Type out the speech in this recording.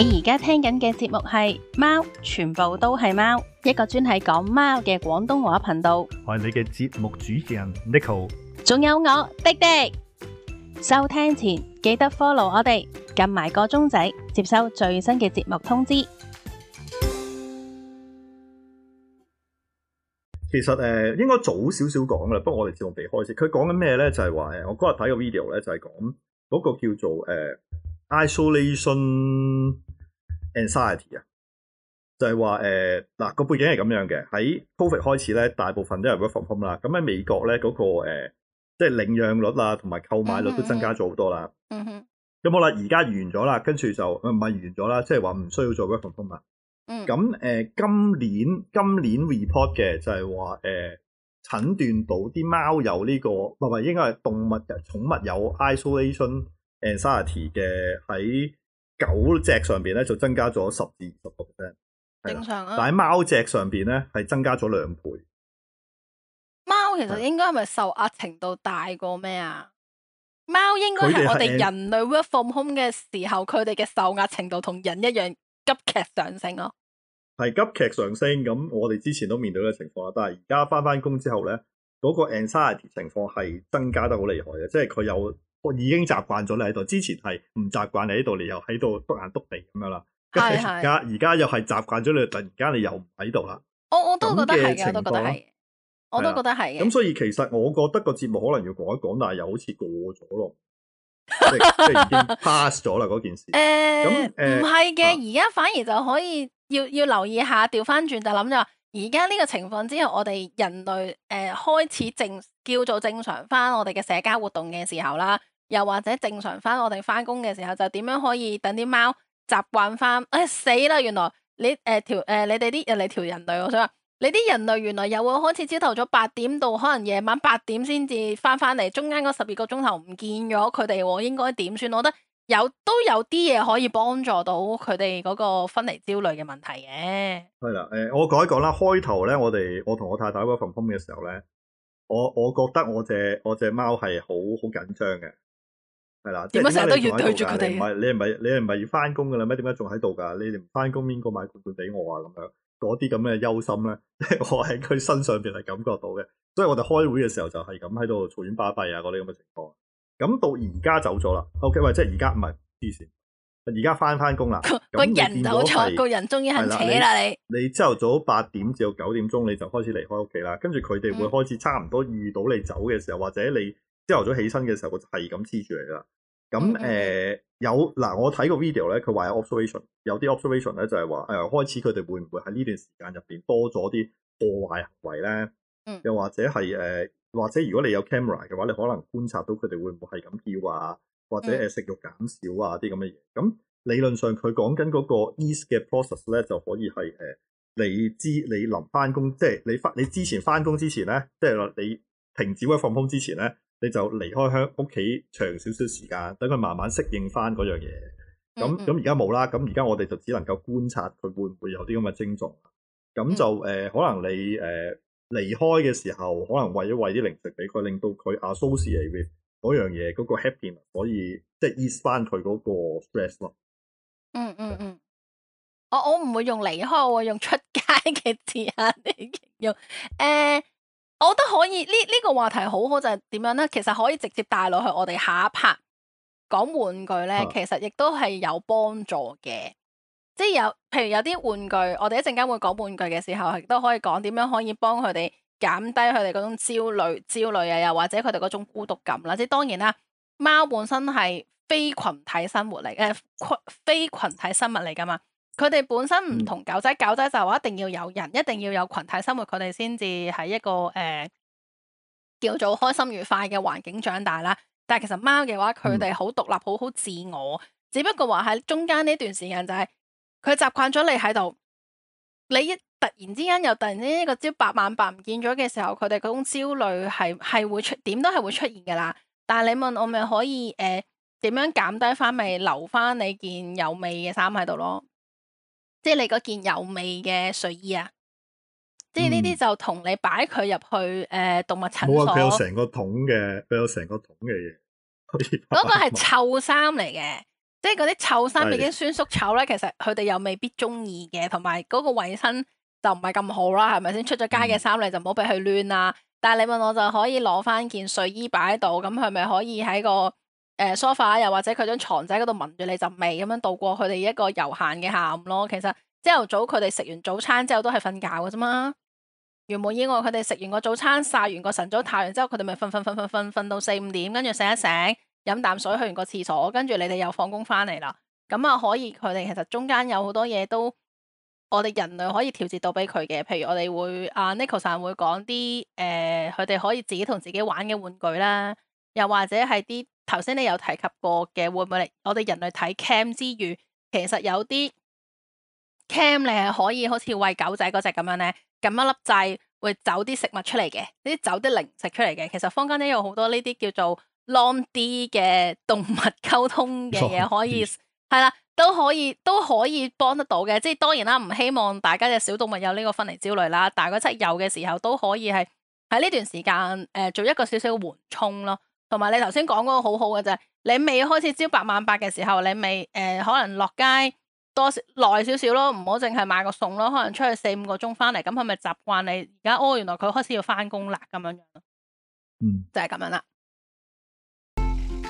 你而家聽緊嘅節目係貓，全部都係貓，一個專係講貓嘅廣東話頻道。我係你嘅節目主持人 NekoChing，仲有我廸廸。收聽前記得 follow 我哋，撳埋個鐘仔，接收最新嘅節目通知。其實誒、呃，應該早少少講啦，不過我哋自動避開始。佢講緊咩咧？就係話誒，我嗰日睇個 video 咧，就係講嗰個叫做誒。呃 Isolation anxiety 啊，An 就係話誒嗱，個背景係咁樣嘅，喺 COVID 開始咧，大部分都係 work from home 啦。咁喺美國咧嗰、嗰個、呃、即係領養率啊同埋購買率都增加咗、mm hmm. 好多啦。嗯咁好啦，而家完咗啦，跟住就唔係、呃、完咗啦，即係話唔需要做 work from home 啦。咁誒、mm hmm. 呃、今年今年 report 嘅就係話誒診斷到啲貓有呢、呢個，唔係唔係應該係動物嘅寵物有 isolation。Anxiety 嘅喺狗隻上邊咧，就增加咗十至十六 percent，正常啊。但喺貓隻上邊咧，係增加咗兩倍。貓其實應該係咪受壓程度大過咩啊？貓的應該係我哋人類 work from home 嘅時候，佢哋嘅受壓程度同人一樣急劇上升咯、啊。係急劇上升，咁我哋之前都面對呢個情況啦。但係而家返返工之後咧，嗰、那個 Anxiety 情況係增加得好厲害嘅，即係佢有。我已經習慣咗你喺度，之前係唔習慣你喺度，你又喺度篤眼篤鼻咁樣啦。係係是。而家而家又係習慣咗你，突然間你又唔喺度啦。我我都覺得係，我都覺得係，我都覺得係。咁、啊嗯、所以其實我覺得個節目可能要改一改，但係又好似過咗咯，即係 已經 pass 咗啦嗰件事。誒 欸，咁唔係嘅，而、欸、家、啊、反而就可以要要，要留意下，調翻轉就諗咗。而家呢個情況之後，我哋人類誒、呃、開始正叫做正常翻我哋嘅社交活動嘅時候啦，又或者正常翻我哋翻工嘅時候，就點樣可以等啲貓習慣翻？誒、哎、死啦！原來你誒條誒你哋啲人嚟，條人類，我想話你啲人類原來又會開始朝頭早八點到可能夜晚八點先至翻翻嚟，中間嗰十二個鐘頭唔見咗佢哋，應該點算？我覺得。有都有啲嘢可以幫助到佢哋嗰個分離焦慮嘅問題嘅。係啦，誒、呃，我講一講啦。開頭咧，我哋我同我太太開 conference 嘅時候咧，我我覺得我隻我隻貓係好好緊張嘅。係啦，點解成日都要對住佢哋？唔係你係咪你係咪要翻工噶啦？咩？點解仲喺度噶？你哋唔翻工，邊個買罐罐俾我啊？咁樣嗰啲咁嘅憂心咧， 我喺佢身上邊係感覺到嘅。所以我哋開會嘅時候就係咁喺度嘈冤巴閉啊，嗰啲咁嘅情況。咁到而家走咗啦，OK，喂，即係而家唔係之前，而家翻翻工啦。個那人冇錯，個人終於肯扯啦你。你朝頭早八點至到九點鐘，你就開始離開屋企啦。跟住佢哋會開始差唔多遇到你走嘅時候，或者你朝頭早起身嘅時候就，佢係咁黐住你啦。咁誒、嗯嗯呃，有嗱、呃，我睇個 video 咧，佢話有 observation 有啲 observation 咧 obs，就係話誒，開始佢哋會唔會喺呢段時間入邊多咗啲破壞行為咧？嗯嗯又或者係誒。呃或者如果你有 camera 嘅話，你可能觀察到佢哋會唔會係咁叫啊，或者誒食欲減少啊啲咁嘅嘢。咁、嗯、理論上佢講緊嗰個 ease 嘅 process 咧，就可以係誒你知你臨翻工，即係你翻你之前翻工之前咧，即係你停止開放工之前咧，你就離開香屋企長少少時間，等佢慢慢適應翻嗰樣嘢。咁咁而家冇啦，咁而家我哋就只能夠觀察佢會唔會有啲咁嘅徵狀。咁就誒、呃、可能你誒。呃離開嘅時候，可能喂咗喂啲零食俾佢，令到佢 associate with 嗰樣嘢，嗰個 happy，可以即係 ease 翻佢嗰個 stress 咯。嗯嗯嗯，對，我我唔會用離開，我會用出街嘅字啊，用誒、欸，我覺得可以呢呢、這個話題好好就點、是、樣咧？其實可以直接帶落去我哋下一 part。a 講玩具咧，啊、其實亦都係有幫助嘅。即係有，譬如有啲玩具，我哋一陣間會講玩具嘅時候，亦都可以講點樣可以幫佢哋減低佢哋嗰種焦慮、焦慮啊，又或者佢哋嗰種孤獨感啦。即係當然啦，貓本身係非群體生活嚟嘅，羣非，非群體生物嚟㗎嘛。佢哋本身唔同狗仔，嗯、狗仔就話一定要有人，一定要有群體生活，佢哋先至喺一個誒、呃、叫做開心愉快嘅環境長大啦。但係其實貓嘅話，佢哋好獨立，好好、嗯、自我，只不過話喺中間呢段時間就係、係。佢習慣咗你喺度，你一突然之間又突然之間個朝八晚八唔見咗嘅時候，佢哋嗰種焦慮係係會出點都係會出現噶啦。但係你問我咪可以誒點、呃、樣減低翻，咪留翻你件有味嘅衫喺度咯？即係你嗰件有味嘅睡衣啊！即係呢啲就同你擺佢入去誒、呃、動物診所。佢、嗯、有成個桶嘅，佢有成個桶嘅嘢。嗰個係臭衫嚟嘅。 即係嗰啲臭衫已經酸餿臭咧，的其實佢哋又未必中意嘅，同埋嗰個衛生就唔係咁好啦，係咪先？出咗街嘅衫你就唔好俾佢亂啦！但係你問我就可以攞翻件睡衣擺喺度，咁佢咪可以喺個誒 sofa、呃、又或者佢張床仔嗰度聞住你陣味咁樣度過佢哋一個悠閒嘅下午咯。其實朝頭早佢哋食完早餐之後都係瞓覺嘅啫嘛。如無意外，佢哋食完個早餐曬完個晨早太陽之後，佢哋咪瞓瞓瞓瞓瞓瞓到四五點，跟住醒一醒。飲啖水，去完個廁所，跟住你哋又放工翻嚟啦。咁啊，可以佢哋其實中間有好多嘢都，我哋人類可以調節到俾佢嘅。譬如我哋會啊 Nicholson 會講啲誒，佢、呃、哋可以自己同自己玩嘅玩具啦，又或者係啲頭先你有提及過嘅，會唔會嚟？我哋人類睇 cam 之餘，其實有啲 cam 你係可以好似餵狗仔嗰隻咁樣咧，撳一粒掣會走啲食物出嚟嘅，啲走啲零食出嚟嘅。其實坊間咧有好多呢啲叫做。long 啲嘅動物溝通嘅嘢可以係啦、oh, yes.，都可以都可以幫得到嘅。即係當然啦，唔希望大家嘅小動物有呢個分離焦慮啦。但係如果真有嘅時候，都可以係喺呢段時間誒、呃、做一個少少緩衝咯。同埋你頭先講嗰個好好嘅就係你未開始招八萬八嘅時候，你未誒、呃、可能落街多耐少少咯，唔好淨係買個餸咯，可能出去四五個鐘翻嚟咁，係咪習慣你而家？哦，原來佢開始要翻工啦咁樣。嗯、mm.，就係咁樣啦。